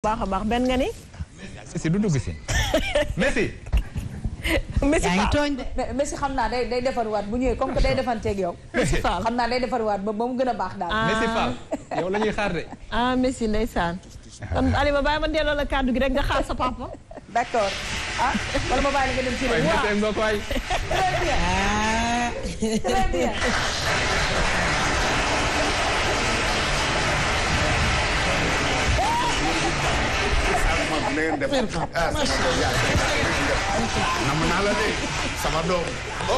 baax a baax benn nga ni. Messi du dugg si Messi. Messi yaa ngi tooñ xam naa day day defarwaat bu ñëwee comme que day defanteeg yow. Messi Fall xam naa day defarwaat ba ba mu gën a baax daal. Ah. Messi Fall yow la ñuy xaar de. ah Messi ndeysaan. kon Alima bàyyi ma delloo la kàddu gi rek nga xaar sa papa. d' accord ah wala ma bàyyi la nga dem ci. waaw waaw très bien. Ah. na ngeen def ah sama doom yaa nam naa la de sama doom. oh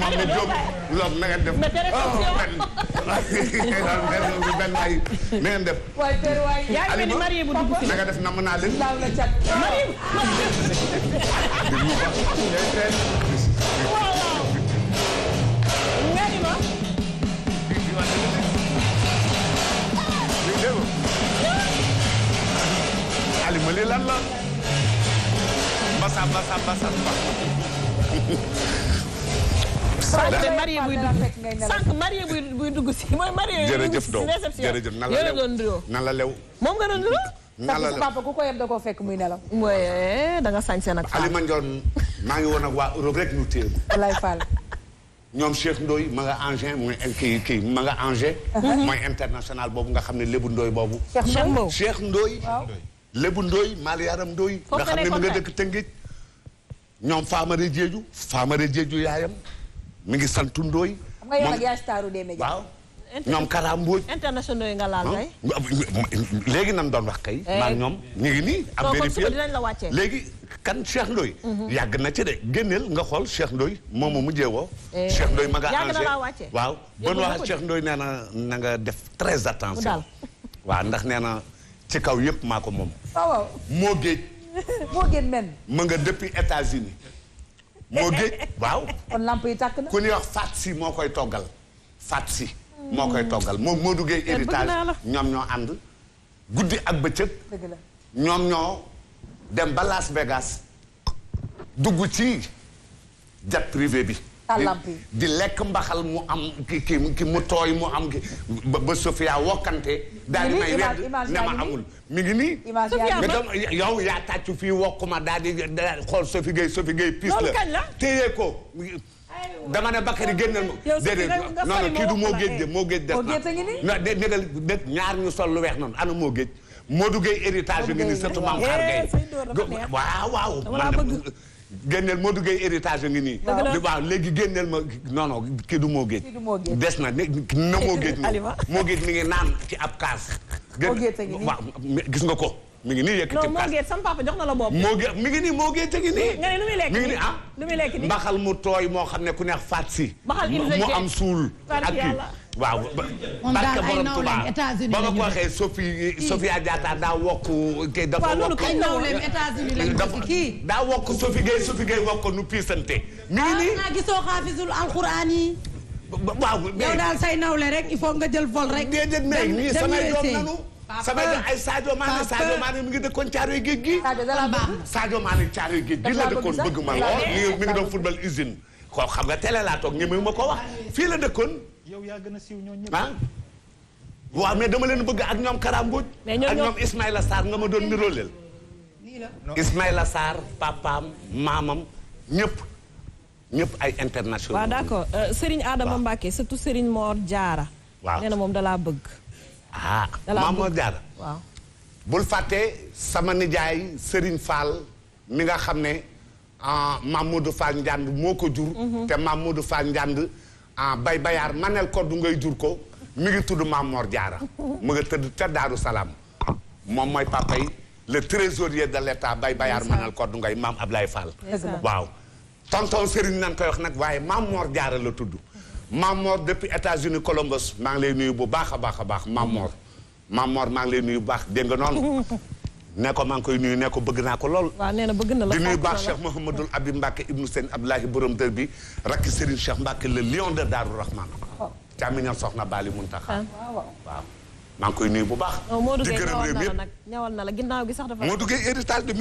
Mamadou Diop loolu na ngeen def. oh benn ay na ngeen def. waay teel waay yaa ngi ni marié bu dugg si na nga def nam naa leen. laaw la cat marié. ma li lan la basa basa basa sànq marié buy dugg sànq marié buy buy dugg si mooy marié. jërëjëf doom jërëjëf nan la lew nan la lew moom nga doon nuyoo. nan la lew papa ku ko yeb da koo fekk muy nelaw. mooy eh, da nga sañ seen ak. Alima Ndione maa ngi woon ak waa Europe rek ñu téye. walaay Fall. ñoom Cheikh Ndoye ma nga Angers mooy kii kii ma nga Angers. Uh-huh. mooy international boobu nga xam ne lébu Ndoye boobu. Cheikh Ndoye Cheikh Ndoye. Lébu Ndooy Maal Yaram Ndooy nga xam ne mi nga dëkk Tëngéej ñoom Famara Diédhiou Famara Diédhiou yaayam mu ngi santu Ndooy moom waaw ñoom karambooj internationaux yi tey léegi nan doon wax kay eh. maag ñoom ñu ngi nii am vérifié léegi kan Cheikh Ndoye mhm. yàgg na ci de génneel nga xool Cheikh Ndoye moomu mujjee woo eh. Cheikh Ndoye ma nga angé waaw bon wax Cheikh Ndoye nee na na def très attention waaw ndax nee ci kaw yëpp maa ko moom. Ah, moo géej. moo géej men. ma nga depuis États-Unis moo géej waaw. yi tàkk na. ku ñuy wax Fatou si moo koy toggal Fatou si. moo koy toggal moo moo duggee héritage ñoom ñoo ànd. guddi ak bëccëg. dëgg ñoom ñoo dem ba Las Vegas dugg ci jet privé bi. kàllamp yi di lekk mbaxal mu am ki ki ki mu tooy mu am ki ba Sofia wokkante daal di may wedd ne ma amul mi ngi nii nga dem yow yaa tàccu fii wokkuma daal di xool Sofi Gueye Sofi Gueye piis la téye ko dama ne Bakary génnal ma déedéet non non kii du moo géej de moo géej def na de négal de ñaar ñu sol lu weex noonu ana moo géej Modou Gueye héritage yi ngi ni surtout maam xaar Gueye eh, waaw waaw génneel Modou Gueye héritage ngi nii. léegi génneel ma non non kii du moo géej. des na ne na moo géej nii moo géej mi ngi naan ci ab kaas. moo géej a gis nga ko. mi ngi nii yëkkati non moo géej sama papa jox na la bopp. moo géej mi ngi nii moo géej a ngi nii. Ah. lekk nii mi mu tooy moo xam ne ku neex faat si. mu am suul ak waaw parce que borom Touba ba ma ko waxee Sophie Sophia Diatta daa wokku kii dafa wokk daa wokk Sophie Gueye Sophie Gueye wokk nu piisante. mi ngi nii ah, naa gisoo xaafisul alxuraan yi. waaw mais yow daal say nawle rek il faut nga jël vol rek. dem dem samay doom nanu. sama ay Sadio Mané Sadio Mané mi ngi dëkkoon Caaroy géej gi. Sadio Mané Caaroy géej gi la dëkkoon bëgg ma lool mi ngi doon football usine. koo xam nga télé laa toog ñemewu ma ko wax fii la dëkkoon. yow yaa gën a waaw ah. mais dama leen bëgg ak ñoom Karambooj ak ñoom Ismaïla Sarr nga ma doon nirooleel Ismaïla Sarr papaam maamam ñëpp ñëpp ay international waaw d'accord euh, Serigne Adama Mbacke surtout Serigne Mor Diarra waaw nee moom dalaa bëgg ah maam bul fàttee sama nijaay sëriñ Fall mi nga xam ne ah, Mamadou Fall Ndiand moo ko jur mhm. te Mamadou Fall Ndiand ah bay bayaar manel koddu ngay jur ko mi ngi tudd Mamor jaara mu nga tëdd ca Daaru Salaam moom mooy papa yi le trésorier de l'état bay bayaar manel koddu du ngay maam Ablaye Fall waaw tonton Serigne nan koy wax nag waaye Mamor Diarra la tudd Mamor depuis états uni Columbus maa ngi lay nuyu bu baax a baax a baax Mamor Mamor maa ngi lay nuyu bu baax dégg nga noonu ne ko maa ngi koy nuyu ne ko bëgg naa ko lool. waaw nee na bëgg na la di nuyu baax Cheikh Mouhamadul Abi Mbacke ibnu Sëñ Abdoulahi borom dër bi rakki Serigne Cheikh Mbacke le lion de Darou Rahman. waaw oh. càmmiñam soxna Bali Muntaxa. Ah. waaw waaw. maa ngi koy nuyu bu baax. di gërëm réew mi yëpp ñawal na la ginnaaw gi sax dafa rafet. moo duggee héritage de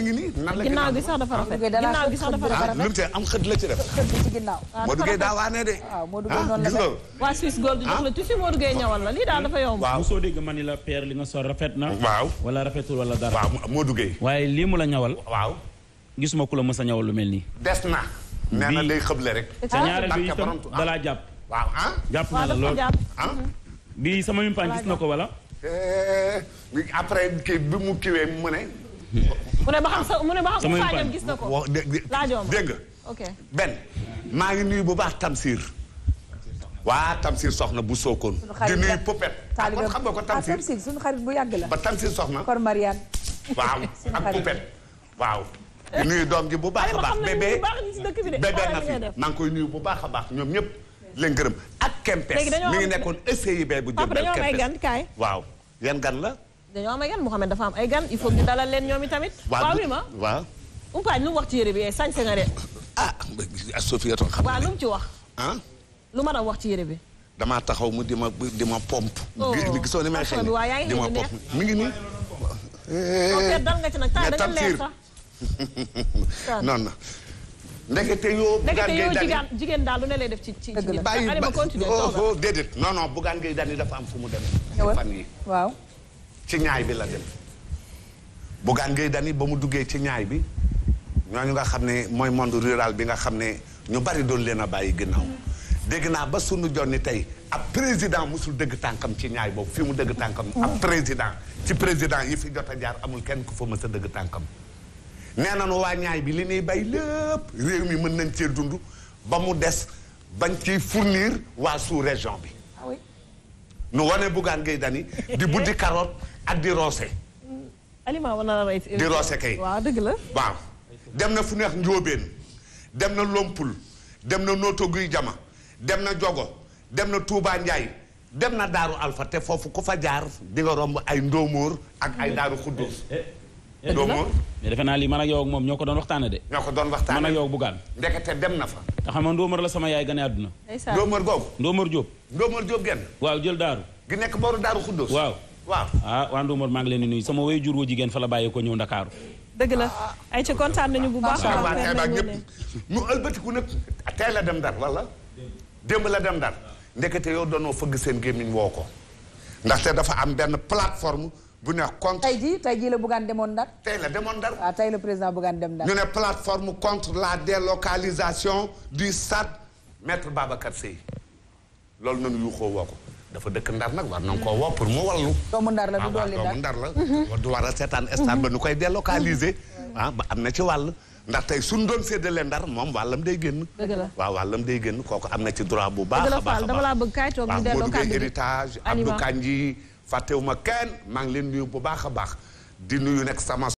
la ginnaaw gi sax dafa rafet ginnaaw gi sax dafa rafet. Ah, lu mu see am xët la ci def. xët bi ci ginnaaw. Ah, moo duggee daa ah, la de waa Suisse Gold jox la tuuti moo duggee ñawal la lii daal ma ni la père li nga sol rafet na. waaw wala rafetul wala dara. moo duggee. waaye lii mu la ñawal. waaw gisuma ku la mës a ñawal lu mel nii. des na. nee na day xëble rek. sa ñaareel bi itam dalaa jàpp. waaw ah jàpp na la lool. bi sama mi gis na ko wala Eh, après kii bi mu kiwee mu ne. mu ne ba xam mu ne ba xam sa Fadiam gis na ko. laajoo ma dégg nga. ok benn maa ngi nuyu bu baax Tamsir. waa Tamsir soxna bu Sokone. di nuyu Poupette. kon xam nga ko Tamsir ah Tamsir suñu xarit bu yàgg la. ba Tamsir soxna. kon Mariane. waaw ak Poupette waaw. nuyu doom ji bu baax a baax. bébé bébé na fi maa ngi koy nuyu bu baax a baax ñoom ñëpp. di leen gërëm ak Kempes mi ngi nekkoon SCIB bu jëm dañoo am ay gan kaay waaw yan gan la dañoo am ay gan Mouhamed dafa am ay gan il faut ñu dalal leen ñoom i tamit waaw wi ma waaw umpaañ lu mu wax ci yére bi e eh, sañ nga de ah Sophie nga toog xam waaw lu mu ci wax ah lu ma doon wax ci yére bi damaa taxaw mu di ma di ma pompe oh. gisoo ni may xel di ma pompe mi ngi nii dal nga ci nag taa da nga leer sax non non ndekete yoo. ndekete yoo jigéen def ci ci biir. bàyyi ba oh, oh, déedéet non non Bougane Gueye Dany dafa am fu mu demee. Ah fan yi ci ñaay bi la dem Bougane Gueye Dany ba mu duggee ci ñaay bi ñooñu nga xam ne mooy monde rural bi nga xam ne ñu bari doon leen a bàyyi ginnaaw. dégg naa ba sunu jonni tey ab président musul dëgg tànkam ci ñaay boobu fi mu dëgg tànkam. ab mm. président ci président yi fi jot a jaar amul kenn ku fa mës a dëgg tànkam. nee nañu waa ñaay bi li ñuy bay lépp réew mi mën nañ cee dund ba mu des bañ ci fournir waa sous-région bi ah nu wane Bougane Gueye Dany di buddi carotte ak di roose mm. di roose kay la dem na fu neex njóobeen dem na lompul dem na nooto jama dem na jogo dem na tuubaa Ndiaye dem na daaru alfa te foofu ku fa jaar di romb ay ndóomóor ak ay mm. daaru xuddus doomu mais defe naa lii man ak yow moom ñoo ko doon waxtaane de ñoo ko doon waxtaane man ak yow ak Bougane ndekete dem na fa te xam nga ndóomar la sama yaay gane àdduna ndóomar googu ndóomar Jóob ndóomar Jóob genn waaw jël daaru gi nekk booru daaru xuddoos waaw waaw ah waa ndóomar maa ngi leen di nuyu sama way jur wu jigéen fa la bàyyi ko ñëw Ndakaaru dëgg la ay ci kontaan nañu bu baax ñëpp ñu albatiku nag tey la dem ndar wala démb la dem ndar ndekete yow doonoo fëgg seen gémmiñ woo ko ndaxte dafa am benn plateforme bu ne contre tey jii tey jii la Bougane demoon Ndar. tey la demoon Ndar. waaw ah, tey la président Bougane dem Ndar. ñu ne plateforme contre la délocalisation du stade maître Babacar Seye loolu noonu yuuxoo dafa dëkk Ndar nag war nañ koo pour mu wallu. doomu Ndar la du ah, Ndar la. Mhm. du war a seetaan stade ba nu koy délocaliser. Mhm. ah ba am na ci wàll. ndax tey suñ doon séddale ndar moom wàllam day génn. dëgg la waaw wàllam day génn kooku am na ci droit bu baax. a baax a baax dëgg la Fall dama laa bëgg kaay toog ñu delloo kàddu gi héritage Abdou fàttewuma kenn maa ngi leen nuyu bu baax a baax di nuyu nag sama